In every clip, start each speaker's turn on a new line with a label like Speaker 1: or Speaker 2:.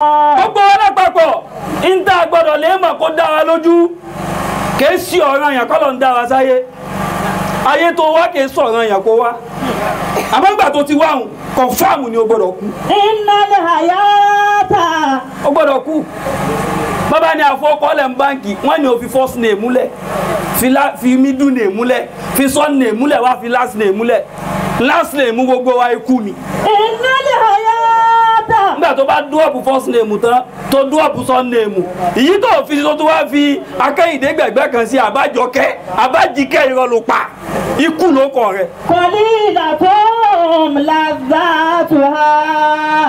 Speaker 1: gbogbo wa lápapọ̀ ń tá a gbọ́dọ̀ lè mọ̀ kó dá lójú kìí sí ọ̀ràn yàn kọ́lọ̀ ń sáyé ayé tó wá kìí kó wá tó ti wá hùn ni o gbọ́dọ̀ kú. iná lè àyà tà. o gbọ́dọ̀ kú bàbá ni àfọkọ́lẹ̀ ń báǹkì wọ́n ní o first name múlẹ̀ fi middle name múlẹ̀ fi son name múlẹ̀ wá fi gbogbo wa ikú better. nígbà tó bá dúọ̀pù first name tán tó dúọ̀pù second name èyí tó fi tó tó wá fi akẹ́yìndé gbẹ̀gbẹ́ kan sí àbájọkẹ́ àbájíkẹ́ irọ́ ló pa ikú ló kọ rẹ. kọ́lí ìdàtọ́ làzà tó ha.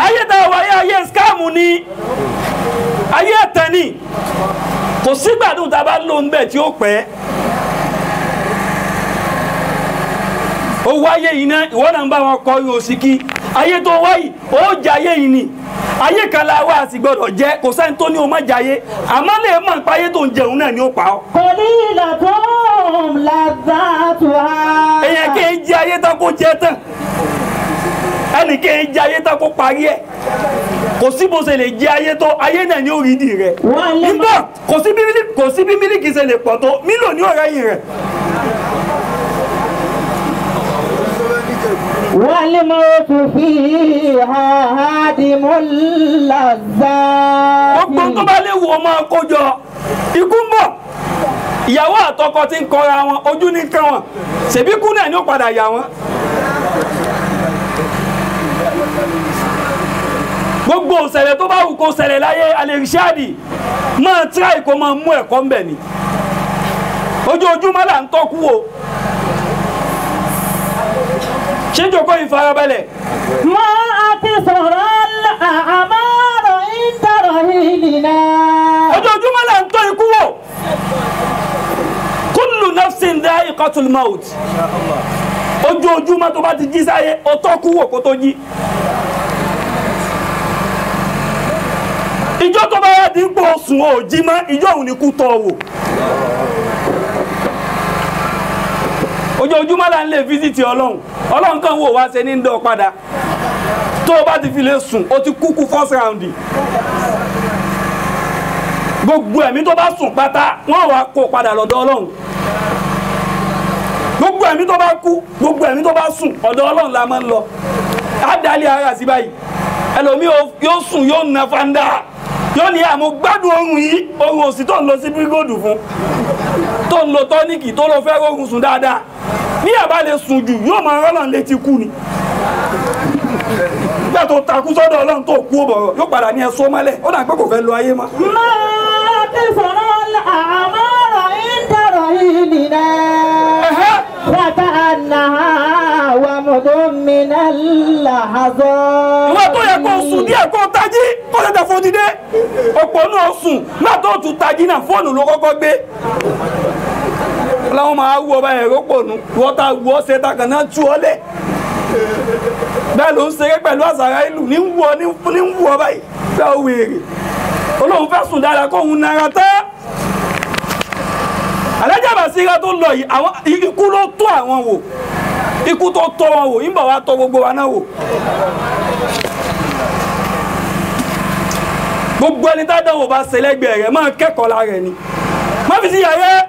Speaker 1: ayé tá a wáyé ayé skáàmù ni ayé ẹ̀tẹ̀ ni kò sígbà tó ta bá lò ń bẹ̀ tí ó pẹ́ owó ayé yìí náà ìwọ náà ń bá wọn kọ yóò sí kí ayé tó wáyì ó jayé yìí ni ayé kan la wá àti gbọdọ̀ jẹ́ kò sẹ́ni tó ní o má jayé àmọ́ lè mọ̀ nípa ayé tó ń jẹun náà ni ó pa ọ́. kọ́lí ìlàkọ́ làbàtúwà. èèyàn kì í jẹ ayé tán kó jẹ tán ẹnì kì í jẹ ayé tán kó parí ẹ̀ kò sí bó ṣe lè jẹ ayé tó ayé náà ni ó rí di rẹ̀ nígbà kò sí bí mílíkì ṣe lè pọ̀ tó mílò ní ọ̀rẹ́yìn rẹ̀. والموت فيها هادم اللذات. gbogbo tó bá léwu o máa kó jọ ikú ń bọ̀ ìyàwó àtọkọ ti ń kọra wọn ojú ní kan wọn ṣèbí kú náà ni ó padà yà wọn. gbogbo òṣèlè tó bá wù kó ṣẹlẹ̀ láyé alẹ́rìṣáàdì máa tíráì kó máa mú ẹ̀kọ́ ń ni ojoojúmọ́ là ń tọ́kú o ṣé jòkó ìfarabalẹ̀. mo àti sọ̀rọ̀ àmọ́rọ̀ ìtọ̀rọ̀ ìdìnnà. ojoojúmọ́ là ń tọ́ ikú wò. kullu nafsin dha'iqatul maut. ojoojúmọ́ tó bá ti jí sáyé ó tọ́kú wò kó tó jí. ìjọ tó bá yà dín pò sùn ò jí mọ́ ìjọ òun ni kú tọ́ wò ojoojúmọ́ là ń lè físítì ọlọ́run ọlọ́run kan wò wá ṣe ní dán padà tó o bá ti fi lè sùn o ti kúkú first round gbogbo ẹ̀mí tó bá sùn pátá wọ́n wá kó padà lọ́dọ̀ ọlọ́run gbogbo ẹ̀mí tó bá kú gbogbo ẹ̀mí tó bá sùn ọ̀dọ̀ ọlọ́run la máa ń lọ á dalẹ̀ ara sí báyìí ẹlòmíì yóò sùn yóò na fanda yóò ní àmú gbádùn oorun yìí oorun òsì tó ń lọ sí bírígòdù fún tó ń lo tọ́níkì tó lọ fẹ́ oorun sùn dáadáa bí ẹ̀ bá lè sùn jù yóò máa rọ́lọ́n létí kú ni nígbà tó takú sọ́dọ̀ ọlọ́run tó kú bọ̀rọ̀ yóò padà ní ẹ̀sọ́ mọ́lẹ̀ ó dà pé kò fẹ́ lọ ayé mọ́. máa tẹ̀sán àmọ́ràn ìdọ̀rọ̀ yìí nìyẹn wàtá ànáhà wà mọ̀dọ́mìnà làhàzọ́. ìwọ tó yẹ kó sùn díẹ̀ kó tají kó tètè fò ọ̀pọ̀ náà sùn náà tún tají náà fóònù ló kọ́kọ́ gbé láwọn máa wú ọba ẹ̀rọ pònú wọ́tà wú ọ́sẹ̀ takàn náà tú ọ lẹ̀ bẹ́ẹ̀ ló ń ṣeré pẹ̀lú àṣàrà ìlú ní wú ọ ní wú ọba yìí fẹ́ o wèrè olóhùn fẹ́ sùn dáadáa kóhun nara tán alájà Bàsírá tó lọ yìí àwọn ikú ló tó àwọn wò ikú tó tọ́ wọn wò ń bọ̀ wá tọ́ gbogbo wa náà wò gbogbo ẹni tá a dánwò bá ṣẹlẹ́gbẹ̀ẹ́ rẹ̀ máa kẹ́kọ̀ọ́ lára ẹni má fi sí yàrá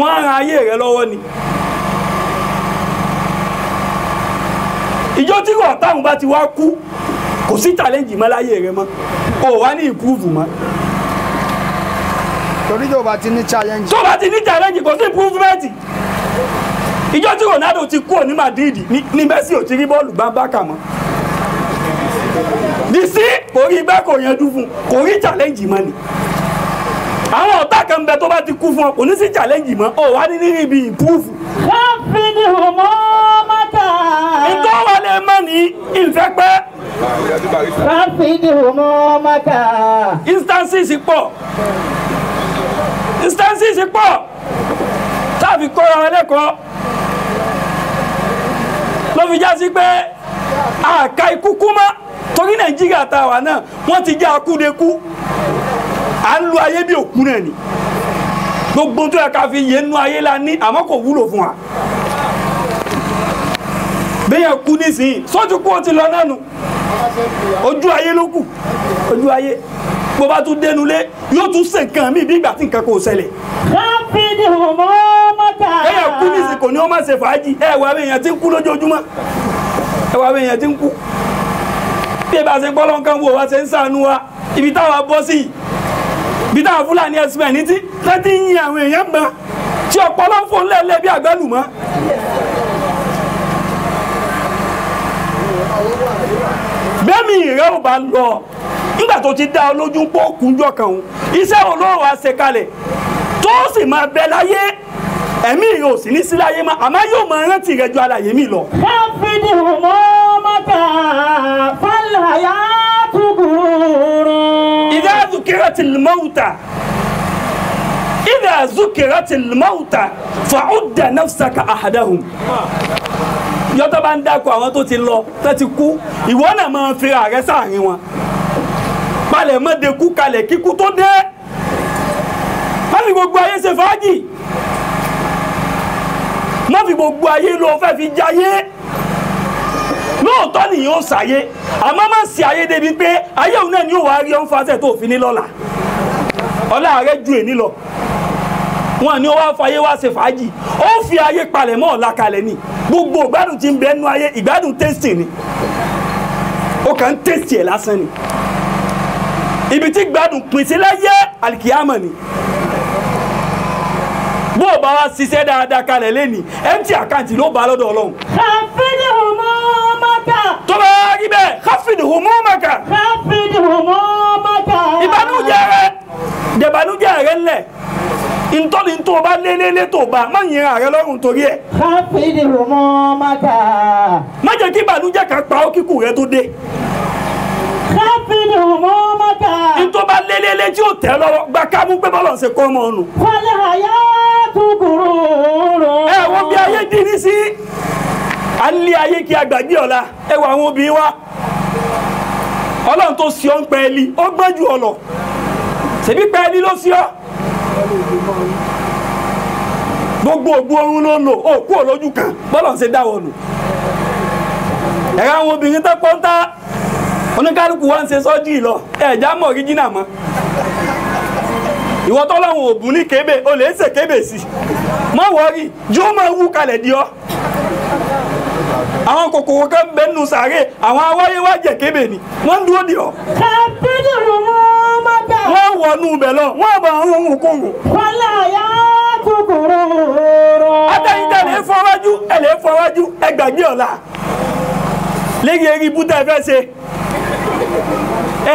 Speaker 1: wọ́n á ran ayé rẹ lọ́wọ́ ni. ìjọ tí wọ́n táwọn bá ti wá kú kò sí challenge mọ́ láyé rẹ mọ́ o wá ní improve mọ́. torí tó bá ti ní challenge. tó bá ti ní challenge kò sí improvement ìjọ tí Ronaldo ti kúrò ní Madrid ní Messi ò ti rí bọ́ọ̀lù gbá bákà mọ́ disi kò rí bẹ́ẹ̀ kò yanjú fún kò rí challenge mọ́ ni àwọn kan bẹ tó bá ti kú fún ọ kò ní sí challenge mọ́ ọ wá ní ní ibi ìpúùfù. wọ́n fi ní ọmọ mọ́tà. ìtọ́ wa lè mọ ní ìfẹ́ pẹ́. wọ́n fi ní ọmọ mọ́tà. instances pọ̀ instances pọ̀ tàbí kóra wọn lẹ́kọ̀ọ́ ló fi já pé àka ikú mọ́ torí nàìjíríà tá a wà náà wọ́n ti jẹ́ akúdekú à ń lo ayé bí òkú náà ni gbogbo tó yẹ ká fi yẹnu ayé la ní àmọ́ kò wúlò fún wa bẹ́yẹn kú nísìnyí sọ́jú kú ó ti lọ nánu ojú ayé ló kù ojú ayé bó bá tún dénú lé yóò tún ṣe nǹkan mí bí ìgbà tí nǹkan kò ṣẹlẹ̀. káfíńdì ọmọ mọ́tà. bẹ́yẹn kú nísìnyí kò ní ó má ṣe fàájì ẹ wà bẹ́yẹn tí ń kú lójoojúmọ́ ẹ wà bẹ́yẹn tí ń kú bí ẹ bá ṣe gbọ́ lọ́nkàn wo wá ṣe ń sànú wa ibi táwa bọ́ sí yìí bí táwọn fúlàní ẹ̀sùn ẹ̀ ní tí tẹ́tí ń yin àwọn èèyàn gbọ́n tí ọpọlọ ń fò ńlẹ̀ lé bí àgbẹ̀lùmọ́. bẹ́ẹ̀ni ìrẹ́ ò bá lọ nígbà tó ti dá olójú pọ̀ kúnjọ kan òun iṣẹ́ olóòrò àṣekalẹ̀ tó sì máa bẹ láyé ẹ̀mí rẹ̀ ò sì ní sí láyé má àmọ́ yóò máa rántí rẹ̀ ju alàyè mi lọ. káfíńdì mọ́ mọ́ta fàlàyà túbú. ذكرت الموتى إذا ذكرت الموتى فعد نفسك أحدهم yọ tó bá ń dákọ àwọn tó ti lọ tó ti kú ìwọ náà máa fi ààrẹ sáàrin wọn palẹ̀ mọ́de kú kalẹ̀ kíkú tó dé wọ́n fi gbogbo ayé ṣe fàájì wọ́n fi gbogbo ayé lọ fẹ́ fi jayé lóòótọ́ nìyẹn ó ṣàyé àmọ́ má ṣe ayé débi pé ayé òun náà ni ó wàá rí ọ́n fásẹ̀ tó fi ní lọ́la ọlá rẹ ju èní lọ wọn ni ó wá fayé wá ṣe fàájì ó fi ayé palẹ̀ mọ́ ọ̀la kalẹ̀ ni gbogbo ìgbádùn ti ń bẹ nú ayé ìgbádùn tẹ́sítì ni ó kàn ń tẹ́sítì ẹ̀ lásán ni ibi tí gbádùn pín sí láyé alikiyama ni bó o bá wá ṣiṣẹ́ dáadáa kalẹ̀ lẹ́ni empty account ló bá lọ́dọ̀ ọlọ́run. káfíńdì ọmọ mọ́ta. tó bá rí bẹ́ẹ̀ káfíńdì ọmọ mọ́ta. káfíńdì ọmọ mọ́ta. ìbánújẹ́ rẹ̀ dẹ̀bánújẹ́ rẹ ńlẹ̀ ntọ́ni tó o bá lélẹ́lẹ́ tó o bá má yin ààrẹ lọ́rùn torí ẹ̀. káfíìnì ló mọ́ mọ́ta. má jẹ́ kí ìbànújẹ́ kan pa ọ́ kíkù rẹ tó dé. káfíìnì ló mọ́ mọ́ta. ntọ́ bá lélẹ́lẹ́ tí o tẹ̀ lọ́wọ́ gba kámú pé bọ́lọ̀ ṣe kọ́ ọmọ ọ̀nù. wọlé àyà kúkúrú rọ. ẹ wo bí ayé di ní sí. a ń lé ayé kí a gbàgbé ọ̀la ẹ wo àwọn obìnrin wa ọlọ́run tó ṣe ọ́ ń pẹ́ẹ́lí ó gbọ́n ju ọ̀lọ́ ṣebí pẹ́ẹ́lí ló sí ọ́ gbogbo ògbó oorun ló lò ó kúrò lójú kan bọ́lọ̀ ṣe dáwọ̀ nù ẹ̀rọ àwọn obìnrin tó pọ́ńtà oníkálukú wa ń ṣe sọ́jì lọ ẹ̀já mọ̀ ríjìnà mọ́ ìwọ tọ́lọ́hún ògùn ní kébè o lè ń ṣe kébè sí mọ́ wọ́rí jó máa wú kalẹ̀ di ọ́ àwọn kòkòrò kan bẹ́ẹ̀ nù sàárè àwọn awáyéwájẹ̀ kébè ni wọ́n ń dúró di ọ́. ká bẹ́ẹ̀ lọ́wọ́ wọ́n wọnú ibẹ̀ lọ wọ́n bá ń rún kóòwò. kọ́lá yá kúkúrú rọ. atẹ́yìntà lè fọwájú ẹ lè fọwájú ẹ gbàgbé ọ̀la lẹ́yìn eré ibú tẹ́ ẹ fẹ́ ṣe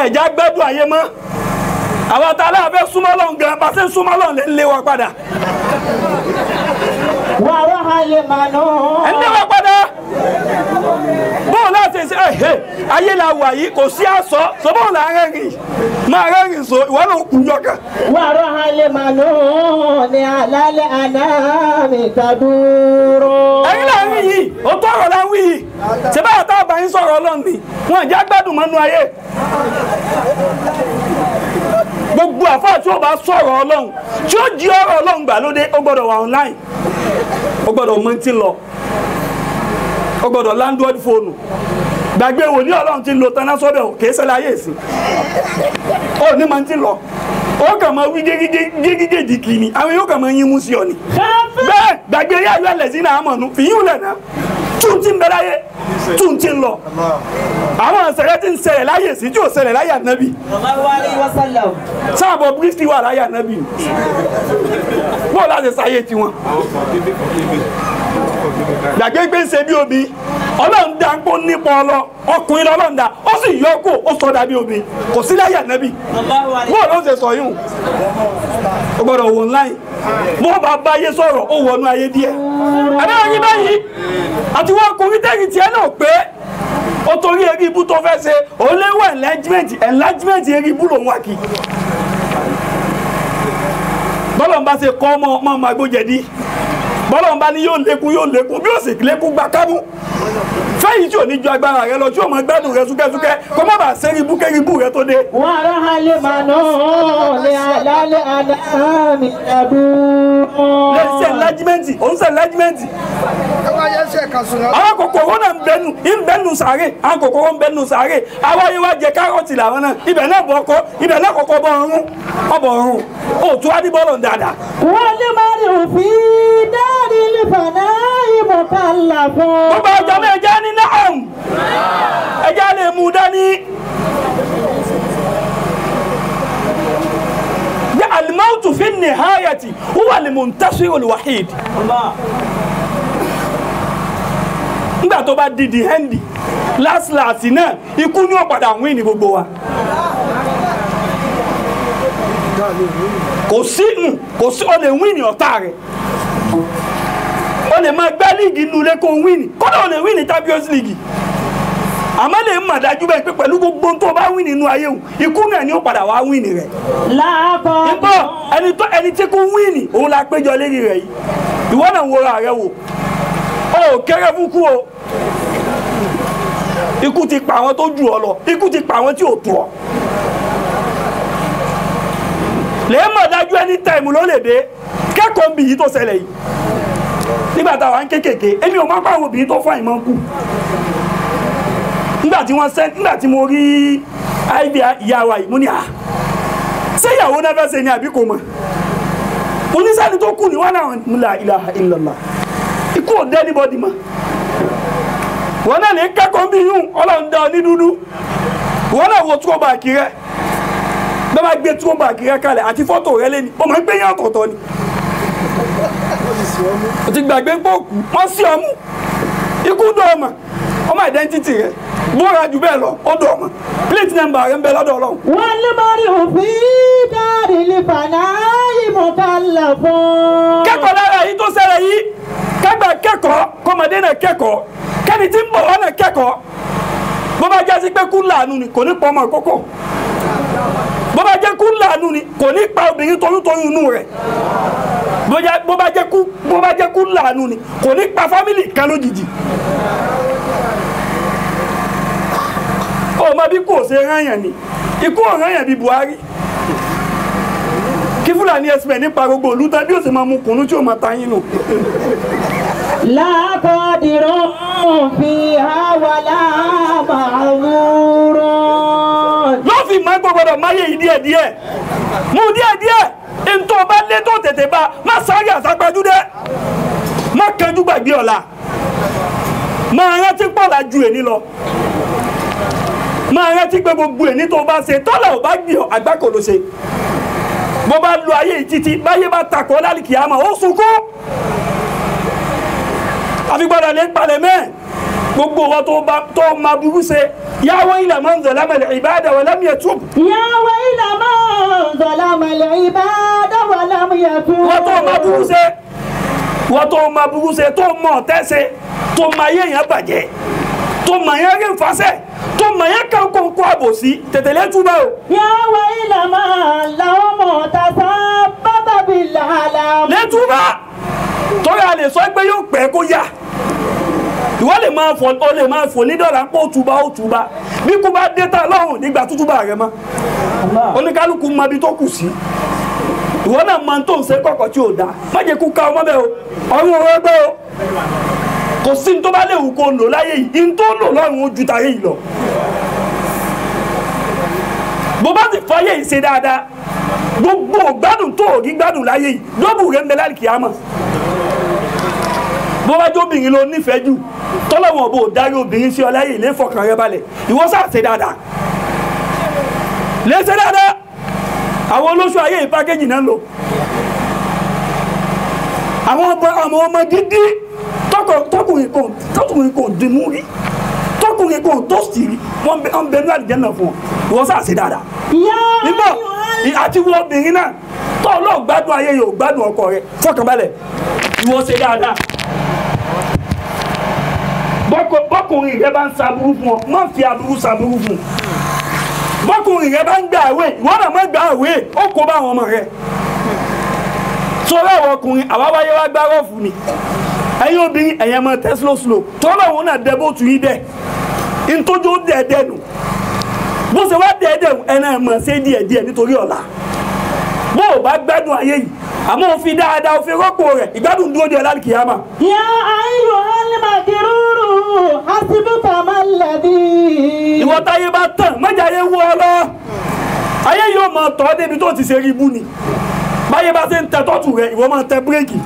Speaker 1: ẹ̀já gbẹ́dùn ayé mọ́ àwọn àtàlẹ́ àfẹ́ súnmọ́lọ́ gan pàṣẹ súnmọ́lọ́ lè lé wa padà. wàhálà lè mà náà. ẹ ní wa padà bó ṣe ẹ̀hẹ́ ayé la wà yìí kò sí àsọ sọ́bọ̀ là ń rẹ́rìn so ìwọ náà kú jọ kan. wàrọ̀ alẹ́ màá lò ní alálẹ́ àná mi tọrọ la ń wí yìí ṣẹbẹ́ àtà àbáyín sọ̀rọ̀ ọlọ́run wọn ìjà gbogbo àfáà tí ó bá sọ̀rọ̀ ọlọ́run tí ó jí gbà lóde wà online ó gbọdọ mọ ti lọ gbàgbé wòlíì ọlọ́run ti lo tán lásọ̀dọ̀ kì í ṣẹlẹ̀ ayé sí ó ní máa ti lọ ó kàn máa wí gégéjé jìkì ni àwọn yóò kàn máa yín mú sí ọ ni bẹ́ẹ̀ gbàgbé yá ìlú ẹlẹ́sìn náà mọ̀nú fìyín lẹ̀ náà tún ti ń bẹ láyé tún ti ń lọ àwọn ìṣẹ̀lẹ̀ ti ń ṣẹlẹ̀ láyé sí tí ò ṣẹlẹ̀ láyé ànábì sáàbọ̀ bírísì wà láyé ànábì bó o láti ṣayé tiwọn. gbàgbégbé ń ṣe bí omi ndị dá ń pọ́ nípa ọlọ ọkùnrin ọlọ́run ó sì yọ kó ó sọ dàbí omi kò sí láyà nẹ́bí wọ́n ló ń ṣe sọ yún o gbọ́dọ̀ wò mo bá bá ayé sọ̀rọ̀ ó wọnú ayé díẹ̀ àbẹ́rẹ́ báyìí àti tẹ́yìn náà bọ́lọ́n bá ní yóò lékún yóò lékún bí ó sì lékún gba kámú fẹ́yìí tí ò ní ju agbára rẹ lọ tí ò mọ gbádùn rẹ súkẹ́súkẹ́ kó má bàa sẹ́rí búkẹ́rí bú rẹ tó dé. wàrà halẹ̀ màná lẹ́ àlàálẹ̀ àdáhàmì àdúrà. ṣe enlargement ó ń ṣe enlargement. àwọn kòkòrò náà ń bẹnu ń bẹnu sàárè àwọn kòkòrò ń bẹnu sàárè àwọn yìí wá jẹ kárọ̀tì làwọn náà ibẹ̀ náà bọ̀ ọkọ ibẹ̀ náà kọ̀kọ́ bọ̀ ọ̀run ọ̀bọ̀ ọ̀run òtún adébọ̀lọ̀ dáadáa. wọ́n lè má rí òfin dáàrí ìmọ̀ ká là fún. gbogbo ọjọ́ الموت في النهاية هو المنتصر الوحيد nígbà tó bá di the end láṣláṣì náà ikú ní ọ̀padà win ní gbogbo wa kò sí kò sí ó lè win ní ọ̀tá rẹ̀ ó lè máa gbá líìgì nulẹ̀ kó win ní kódà ó lè win ní Champions League àmọ́ lè mà dájú bẹ́ẹ̀ pé pẹ̀lú gbogbo tó bá wí nínú ayé o ikú náà ni ó padà wá wí ni rẹ̀. láàbọ̀ ìbọ̀ ẹni tó ẹni tí kò wí ni òun la péjọ lérí rẹ̀ yìí ìwọ náà wo ara rẹ wò ó kéré fúkú o ikú ti pa àwọn tó jù ọ lọ ikú ti pa àwọn tí ò tó ọ lè mọ̀ dájú ẹni tẹ̀mù ló lè dé kẹ́kọ̀ọ́ bí yìí tó ṣẹlẹ̀ yìí nígbà táwa ń kékèké èmi ò má pàwọn obìnrin tó fọ́ àìmọ́ kù nígbà tí wọ́n sẹ́ńtì nígbà tí mo rí ibi ìyá wa yìí mo ní à ṣé ìyàwó náà fẹ́ ṣe ni àbí kò mọ̀ mo ní sẹ́ni tó kù ní wọn náà mo là ilaha illallah ikú ò dé anybody mọ́ wọn náà lè kẹ́kọ̀ọ́ bí yún ọlọ́run dá ọ ní dúdú wọn náà wo túwọ́ bàkì rẹ bẹ́ẹ̀ bá gbé túwọ́ bàkì rẹ kalẹ̀ àti fọ́tò rẹ lé ní ọmọ ẹgbẹ́ yẹn ọ̀tọ̀ọ̀tọ̀ ni o ti gbàgbé pé wọ́n sí ọmú ikú dọ̀ ọmọ ọmọ identity rẹ bóra jù bẹ́ẹ̀ lọ ó dọ̀ ọmọ plate number rẹ̀ ń bẹ lọ́dọ̀ ọlọ́run. wọ́n ló máa rí òfin dárí lè fàná ìmọ̀kànlá fún. kẹ́kọ̀ọ́ lára yìí tó ṣẹlẹ̀ yìí kẹ́gbà kẹ́kọ̀ọ́ kọ́mọdé náà kẹ́kọ̀ọ́ kẹ́ni tí ń bọ̀ wọ́n kẹ́kọ̀ọ́ bó bá jásí pé kú làánú ni kò ní pọ̀ ọmọ ìkókó bó bá jẹ́ kú làánú ni kò ní pa obìnrin toyúntoyún inú rẹ̀ bó bá jẹ́ kú làánú ni kò ní pa fámìlì kan lójijì ọmọ bí kò ṣe ráyàn ni ikú ọ̀ráyàn bíi Buhari kí Fúlàní ẹsẹ̀ nípa gbogbo olùtà bí ó ṣe máa mú kùnú tí ó máa ta yín nù. lákọ̀dìrọ̀ fi àwà láàbàwúrọ̀. ló fi mọ́ ẹgbẹ́ gbọ́dọ̀ máyé yìí díẹ̀díẹ̀ mú díẹ̀díẹ̀ ntọ́ bá lé tó tètè bá má sáré àsápájú dẹ́ má kánjú gbàgbé ọ̀la má rántí pọ̀ la ju èní lọ máa rántí pé gbogbo ẹni tó bá ṣe tọ́lá ò bá gbìyàn àgbákò ló ṣe bó bá lo ayé yìí báyé bá takọ̀ lálìkì àmọ́ ó sunkún àfigbọ́dọ̀ lè palẹ̀ mẹ́ gbogbo wọn tó ma burú ṣe ya waila man zalama al-ibada wa lam yatub. ya waila man zalama al-ibada wa lam yatub. wọ́n tó ma burú ṣe wọ́n tó ma burú ṣe tó mọ̀ tẹ́sẹ̀ tó ma yéèyàn bàjẹ́ tó ma yẹn rí nfàṣẹ́ tó mọ̀yá kan kó ń kó àbòsí tètè létúbà o. yàwá ìlànà làwọn mọ̀ tàṣà bàbá bíi létúbà torí a lè sọ pé yóò pẹ́ kó yá ìwọ lè máa fọ ọ lè máa fò ní pé ó túba ó túba bí kú bá dé tá lọ́rùn nígbà tútúbà rẹ mọ́ oníkálukú mọ ibi tó kù sí ìwọ náà máa ń tó ń ṣe kọ̀kọ̀ tí ò dáa má ká ọmọ bẹ́ẹ̀ o ọ̀run òwe gbé o kò sí ní tó bá léwu kó lò láyé yìí ní tó lò lọ́rùn ojú táyé yìí lọ bó bá ti fọyé yìí ṣe dáadáa gbogbo gbádùn tó ògì gbádùn láyé yìí lóbù rẹ̀ ń bẹ láì kíámà bó bá jó obìnrin ló nífẹ̀ẹ́ jù tọ́lọ́wọ̀n bò dárí obìnrin sí ọ láyé ilé fọkàn rẹ balẹ̀ ìwọ ṣe dáadáa lè ṣe dáadáa àwọn olóṣù ayé yìí pákéjì náà lò àwọn ọmọ gidi tọkùnrin kan tọkùnrin kan de rí tọkùnrin kan tọ́sì rí wọ́n bẹ ń bẹnu àlùjànnà fún ọ wọ́n sà ṣe dáadáa. nígbà àti wọ obìnrin náà tọ́ ọ lọ́ọ̀ gbádùn ayé yóò gbádùn ọkọ rẹ fọkànbalẹ̀ ìwọ ṣe dáadáa bọ́kùnrin rẹ bá ń saburú fún ọ má fi aburú saburú fún bọ́kùnrin rẹ bá ń gba àwẹ̀ ìwọ́n náà má gba àwẹ̀ ó kó bá àwọn ọmọ rẹ sọ láwọn ọkùnrin àwa wáyé wá gbárọ̀ fún ni ẹ̀yin obìnrin ẹ̀yẹ mọ tẹ́sílò slow tọ́lọ̀ wọn náà dẹ́bò tù yín dẹ̀ ntójó dẹ́ẹ̀dẹ́ nù bó ṣe wá dẹ́ẹ̀dẹ́ ẹ̀nà ẹ̀ mọ̀ ṣe díẹ̀ díẹ̀ nítorí ọ̀la bó o bá gbádùn ayé yìí àmọ́ òfin dáadáa òfin rọ́pò rẹ̀ ìgbádùn dúró di ọ̀la kìyàmá. yá ayò alima kìrúurú asibuka maladi. ìwọ táyé bá tán mọ́jà yẹn wú ọ lọ ayé yóò mọ tọ́ débi tó ti ṣe rí ibú ni báyé bá ṣe ń tẹ tọ́tù rẹ ìwọ máa tẹ bírèkì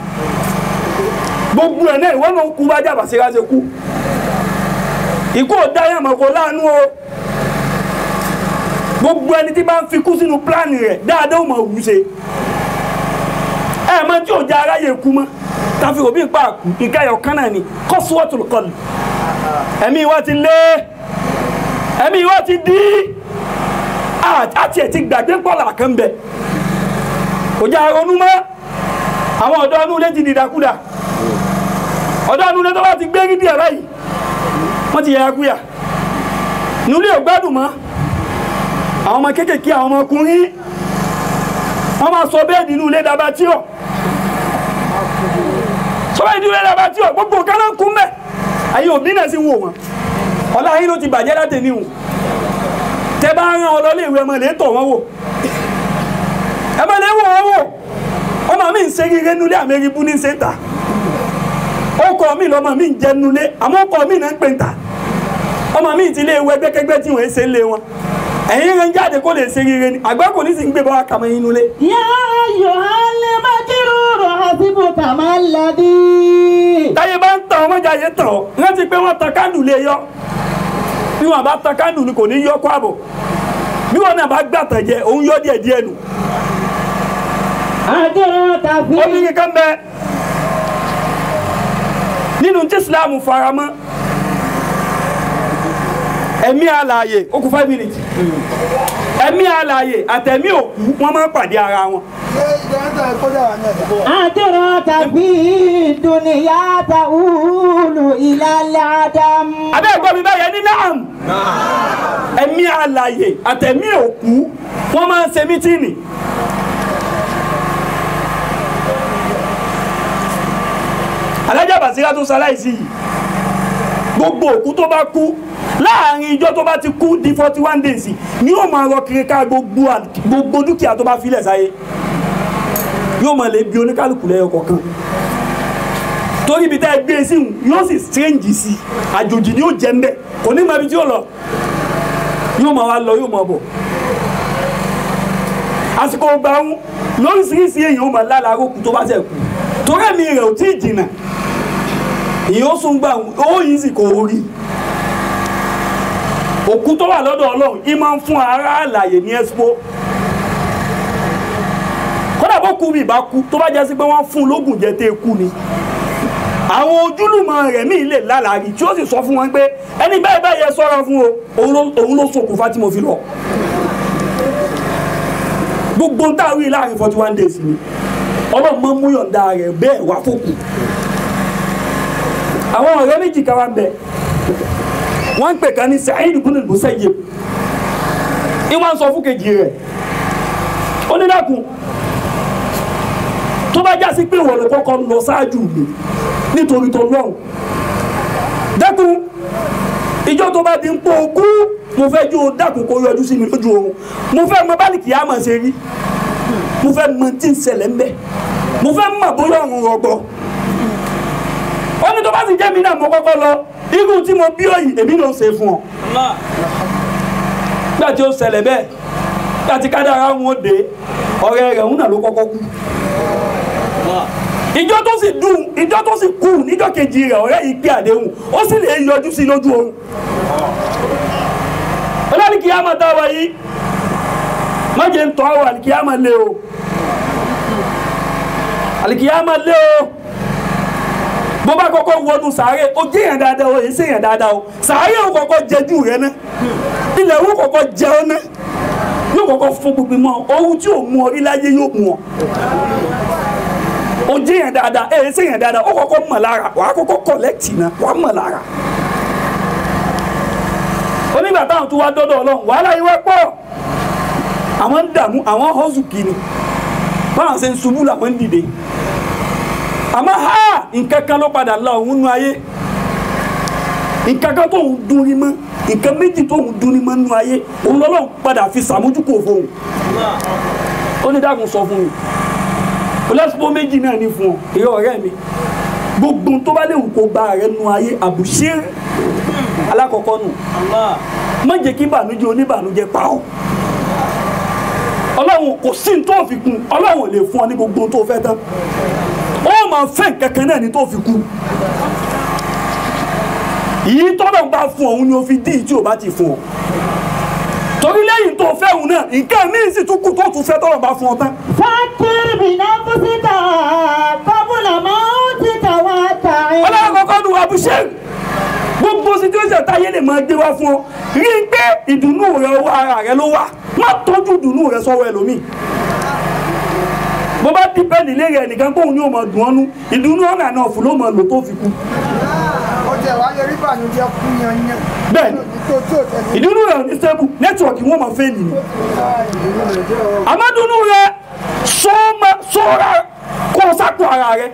Speaker 1: gbogbo ẹ̀ náà ìwọ náà ń kú bá jàbá sí ráṣẹ kú ikú ò dá yàmọ̀ kó láàánú o gbogbo ẹni tí bá ń fikú sínú pílánì rẹ̀ dáadáa ò mọ̀ wù ṣe ẹ mọ tí ò jẹ aráyè kú mọ́ tàfi òbí pa nǹkan ẹ̀yọ̀ kan náà ni kọ́sùwọ́tò kọlù ẹ̀mí wa ti lé ẹ̀mí wa ti dí àti ẹ̀tí gbàgbé pọ̀lá kan bẹ̀ kò jẹ́ àrònú mọ́ àwọn ọ̀dọ́ inú ilé ti dìdàkudà ọ̀daràn ní tó bá ti gbé gidi ẹ̀ báyìí wọ́n ti yẹ agúyà nílé ògbádùn mọ́ àwọn ọmọ kéékèèké àwọn ọmọkùnrin wọ́n máa sọ bẹ́ẹ̀ nínú ilé daba tí ọ̀ sọ́wọ́ ìdí ilé daba tí ọ̀ gbogbo kánà ń kún bẹ́ẹ̀ ayé òbí náà sì wò wọ́n ọlá yín ló ti bàjẹ́ láti ní o tẹ bá rán ọ lọ́lé ìwé ọmọ lè tọ̀ wọ́n wò ẹ má lè wò wọ́n wò ọmọ mi ń ṣe rere nílé àmẹ́rìbú ní ṣe ta kọ́ mi lọ́mọ mi ń jẹnulé àmọ́ kọ́ mi náà ń pè ń ta ọmọ mi ti lé ewu ẹgbẹ́kẹ́gbẹ́ tí wọ́n ṣe ń lé wọn ẹ̀yin rẹ̀ ń jáde kó lè ṣe rere ni àgbẹ̀ kò ní sì ń gbé bọ́wá kàmọ́ inú lé. yá ayọ̀ alẹ́ máa kírun rọ̀ àti bùkà máa ń lọ dí. táyé bá ń tàn wọ́n jáde tàn ọ́ rántí pé wọ́n tan kánù lè yọ bí wọn bá tan kánù ni kò ní yọ kó àbọ̀ bí wọn náà bá gbàtàn jẹ òun yọ díẹ̀ nù. adé ọ̀tà fi. obìnrin bẹ́ẹ̀ nínú tí islam faramọ́ ẹ̀mí alààyè ó kù five minutes ẹ̀mí alààyè àtẹ̀mí òkú wọ́n máa ń pàdé ara wọn. àdúrà tàbí dùnìyà tàwùlù ìlàlẹ̀ àdàm. abẹ́ ẹ̀gbọ́n mi báyẹn ní naam ẹ̀mí alààyè àtẹ̀mí òkú wọ́n máa ń ṣe mítìnì. alájà Basira tó ṣaláìsí yìí gbogbo òkú tó bá kú láàrin ìjọ tó bá ti kú di forty one days ni yóò máa rọ kiri ká gbogbo dúkìá tó bá filẹ̀ sáyé yóò máa lè bi oníkálukú lẹ́yọ kọ̀ọ̀kan torí ibi tá ẹ gbé e sí yóò sì strange sí àjòjì ni yóò jẹ mbẹ kò ní mọ ibi tí yóò lọ yóò máa wá lọ yóò máa bọ̀ àsìkò gbàrún lóríṣiríṣi èèyàn ó máa lálàá rókù tó bá ṣe kú torí ẹ̀mí rẹ̀ ò tí ì jìnnà ìyẹn ó sùn gbà ó yìí sì kò rí òkú tó wà lọ́dọ̀ ọlọ́run ì máa ń fún ara àlàyé ní expo kódà bó kú mi bá kú tó bá jẹ́ sí pé wọ́n fún un lóògùn jẹ tẹ́ kú ni àwọn ojúlùmọ̀ rẹ̀ míì lè lálàárí tí ó sì sọ fún wọn pé ẹni báyìí báyìí ẹ sọ́ra fún o òun ló ṣokùnfà tí mo fi lọ gbogbo ń tàwí láàrin forty one days ni ọlọ́run mọ́ múyọ̀ǹda rẹ̀ bẹ́ẹ̀ wá fòkù àwọn ọ̀rẹ́ méjì kan wà ń bẹ wọ́n ń pè kan ní Sa'id ibn al-Musayyib ni wọ́n sọ fún kejì rẹ̀ ó ní dákun tó bá jásí pé ìwọ̀n ló kọ́kọ́ lọ ṣáájú mi nítorí tó lọ́hùn dẹ́kun ìjọ tó bá di ń pọ̀ ogún mo fẹ́ jó dákun kó yọjú sí mi lójú oorun mo fẹ́ mọ báàlì kìí àmọ̀ ṣe rí mo fẹ́ mọ tí ń ṣẹlẹ̀ ń bẹ mo fẹ́ mọ bóyá ọ̀run rọgbọ ó ní tó bá sì jẹ́ mi náà mo kọ́kọ́ lọ irú tí mo bí òyì èmi ló ń ṣe fún ọ. nígbà tí ó ṣẹlẹ̀ bẹ́ẹ̀ nígbà tí kádàrá wọn dé ọ̀rẹ́ rẹ̀ òun náà ló kọ́kọ́ kú. ìjọ tó sì dùn ìjọ tó sì kú níjọ kejì rẹ̀ ọ̀rẹ́ yìí pé àdéhùn ó sì lè yọjú sí lójú oorun. ọlọ́ni kìí àmọ́ tá a wá yìí mọ́jẹ̀ ń tọ́ àwọ̀ àlìkìyàmọ̀ lé o àlìkìyàmọ̀ lé o. bó bá kọ́kọ́ wọnú sàárè ó jẹ́ dáadáa o èyí sèyàn o sàárè ó kọ́kọ́ jẹjú rẹ ná ilẹ̀ ó kọ́kọ́ jẹ ọ́ ná yóò kọ́kọ́ fún gbogbo mọ́ ohun tí mú ọ rí láyé yóò mú ọ ó jẹ́ o dáadáa èyí sèyàn dáadáa kọ́kọ́ mọ̀ lára kọ́kọ́ mọ̀ lára onígbà táwọn tó wá dọ́dọ̀ àmọ́ ha nǹkan kan ló padà la òun nu ayé nǹkan kan tóun dun ni mọ́ nǹkan méjì tóun dun ni mọ́ nu ayé òun lọ́lọ́ padà fi sàmójúkò fóun ó ní dákun sọ fún mi olásùpọ̀ méjì náà ní fún ọ èyí ọ̀rẹ́ mi gbogbo tó bá léwu kó gba rẹ nu ayé àbùṣe alákọ̀ọ́kọ́ nù má jẹ́ kí bànújẹ́ oníbànújẹ́ pa ọ́ ọlọ́run kò sí ní tó fi kún ọlọ́run ò lè fún ọ ní gbogbo tó fẹ́ tán máa fẹ́ kankan náà ni tó fi kú yìí tọ́lọ̀ bá fún ọ̀hún ni o fi dí tí o bá ti fún ọ torí lẹ́yìn tó fẹ́ òun náà nǹkan míì sì tún kú tó tún fẹ́ tọ́lọ̀ bá fún ọ tán. fákìrì bìnnà fúsítà máa ń títà wá tà ọlọ́run kọ́kọ́ nu abúṣẹ́ gbogbo situation táyé lè máa dé wá fún ọ rí i pé ìdùnnú rẹ ara rẹ ló wà má tọ́jú ìdùnnú rẹ sọ́wọ́ ẹlòmíì dípẹ́ndì lérí ẹnìkan kóun ní òmò dùn ọ́nú ìdùnnú ọ̀nà àná ọ̀fù ló mọ̀ lò tó fi kú. ọjà wa yẹ rìbá ni jẹ kú yanyan. bẹ́ẹ̀ni ìdùnnú rẹ ní sẹ́kù nẹ́tíwọ̀kì wọn máa fẹ́ nìyí. amádùnnú rẹ sọ́ra kó o sápò ara rẹ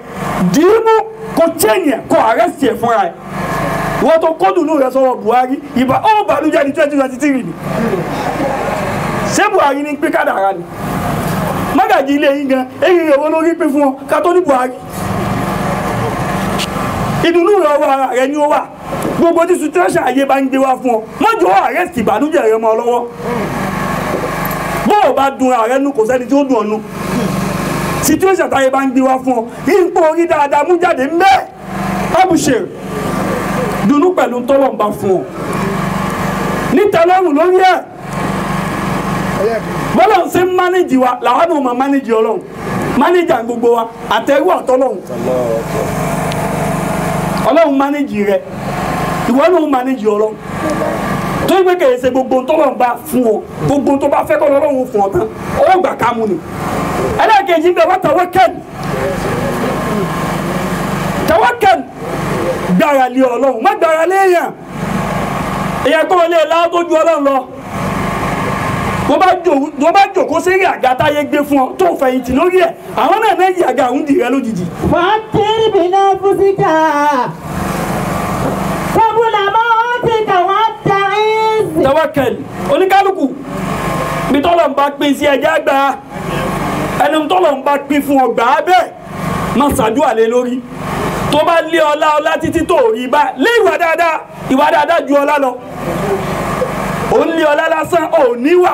Speaker 1: dìímú kó chẹ́yìn kó àrẹ́sì ẹ̀ fúnra ẹ̀ wọ́n tó kó dùnnú rẹ sọ́wọ́ Buhari ìbá ó bàlújẹ́ ní twenty twenty three ni ṣé Buhari ní pé kádàrá ni mágàjì ilé yín gan èyí rẹ̀ wọ́n lórí pín fún ọ ká tó ní Buhari ìdùnnú rẹ̀ ọwọ́ ara rẹ̀ ni ó wà gbogbo tí sùtẹ́ṣà ayé bá ń gbé wá fún ọ mọ́jọ́ àrẹ́sì ìbànújẹ́ rẹ mọ́ ọ lọ́wọ́ bó o bá dun ààrẹ nu kò sẹ́ni tí ó dùn ọ́nu situation táyé bá ń gbé wá fún ọ ipò orí dáadáa mú jáde mẹ́ ọ̀bùṣe dùnnú pẹ̀lú tọ́lọ̀ ń bá fún ọ nítẹ̀lọ́rùn lórí ẹ̀ bọ́lá ń ṣe mánéjì wa làwọn náà máa mánéjì ọlọ́run mánéjà gbogbo wa àtẹ̀wé ọ̀tọ́lọ́run ọlọ́run mánéjì rẹ ìwọ náà mánéjì ọlọ́run tó ń gbé kèé ṣe gbogbo tó lọ́n bá fún ọ gbogbo tó bá fẹ́ kọ́ lọ́rùn fún ọ tán ó gbà ká mu ni ẹlẹ́ẹ̀kejì bẹ wá tawakkal tawakkal gbára lé ọlọ́run má gbára lé èèyàn èèyàn kọ́ ọ lé ọlọ́run lọ wọ́n bá jòkó sẹ́yìn àga táyé gbé fún ọ tó fẹ̀yìntì lórí ẹ̀ àwọn náà náà yí àga òun dì rẹ lójijì. wà á tẹ́rì bí náà fún síta kọ́bùnà máa ń ti tàwọn ta ẹ́ẹ́sì. tẹwàkẹ́lì oníkálukú bí tọ́lọ̀ ń bá pín sí ẹja gbà ẹni tọ́lọ̀ ń bá pín fún ọ gbà á bẹ́ẹ̀ máa ṣàdúrà lé lórí tó bá lé ọlá ọlá títí tó rí bá lé ìwà dáadáa ìwà dáadáa ju ọlá lọ òun lé ọlá lásán òun níwà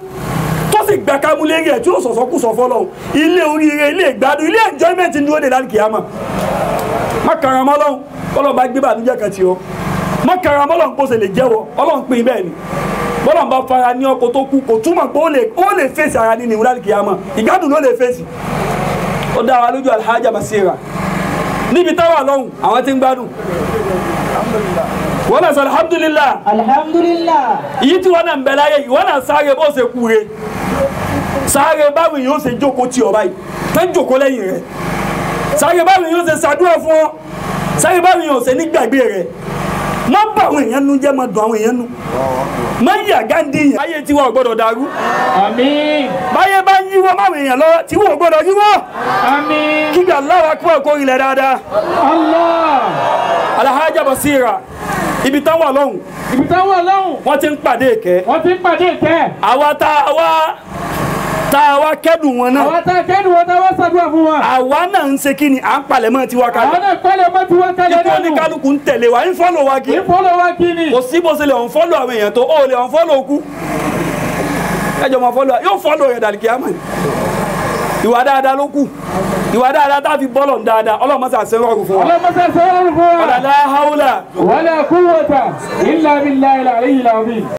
Speaker 1: sì gbà kámúlé rẹ̀ tí ó sọ̀sọ́ kù sọ fọ́lọ́ ilé oríire ilé ìgbádùn ilé enjoyment ń dúró de láti kìámà má kàrà mọ́ lọ́hùn bọ́lọ̀ bá gbé bàdújẹ́ kan tì ọ́ má kàrà mọ́ lọ́hùn kó sì lè jẹ́wọ́ ọlọ́hùn pín bẹ́ẹ̀ ni bọ́lọ̀ bá fara ní ọkọ̀ tó kú kò túmọ̀ pé ó lè fèsì ara ní nìwúrà kìámà ìgbádùn ló lè fèsì ó dá wa lójú alhaja masira níbi táwa lọ́hùn àwọn tí ń gbádùn wọ́n náà sọ alhamdulillah alhamdulillah èyí tí wọ́n náà ń bẹ láyé yìí wọ́n náà sáré bó ṣe kúre sáré báwo yóò ṣe jókòó tì ọ báyìí jókòó lẹ́yìn rẹ̀ sáré báwo yóò ṣe ṣàdúrà fún ọ sáré báwo yóò ṣe nígbàgbé rẹ̀ má bà àwọn èèyàn nu jẹ́ má dùn àwọn èèyàn nu má yà gáńdì yẹn. báyé gbọ́dọ̀ báyé bá ń yíwọ́ máwọn èèyàn lọ gbọ́dọ̀ yíwọ́. kúrò kó ibi tán wà lọ́hùn. ibi tán wà ta wa. tá a wá kẹ́dùn wọn náà. àwa tá a kẹ́dùn wọn náà wá ṣàdúrà fún wa. àwa náà ń ṣe kí ni à ń palẹ̀ mọ́ tiwa kalẹ̀. àwa náà palẹ̀ mọ́ tiwa kalẹ̀ nínú. ìkọ́ni kálukú ń tẹ̀lé wa ń fọ́lọ̀ wa kí. ń fọ́lọ̀ wa kí ni. kò sí bó ṣe lè unfollow àwọn èèyàn tó o lè unfollow òkú. ẹ jọ máa follow yóò follow yẹn dàlí kíá mọ̀ ìwà dáadáa ló kù ìwà dáadáa tá a fi bọ́lọ̀ dáadáa ọlọ́mọ sà sẹ́wọ́n ọ̀rùn fún wa. ọlọ́mọ sà sẹ́wọ́n ọ̀rùn fún wa. wala hawla. wala quwwata illa billahi al-aliyyil azim.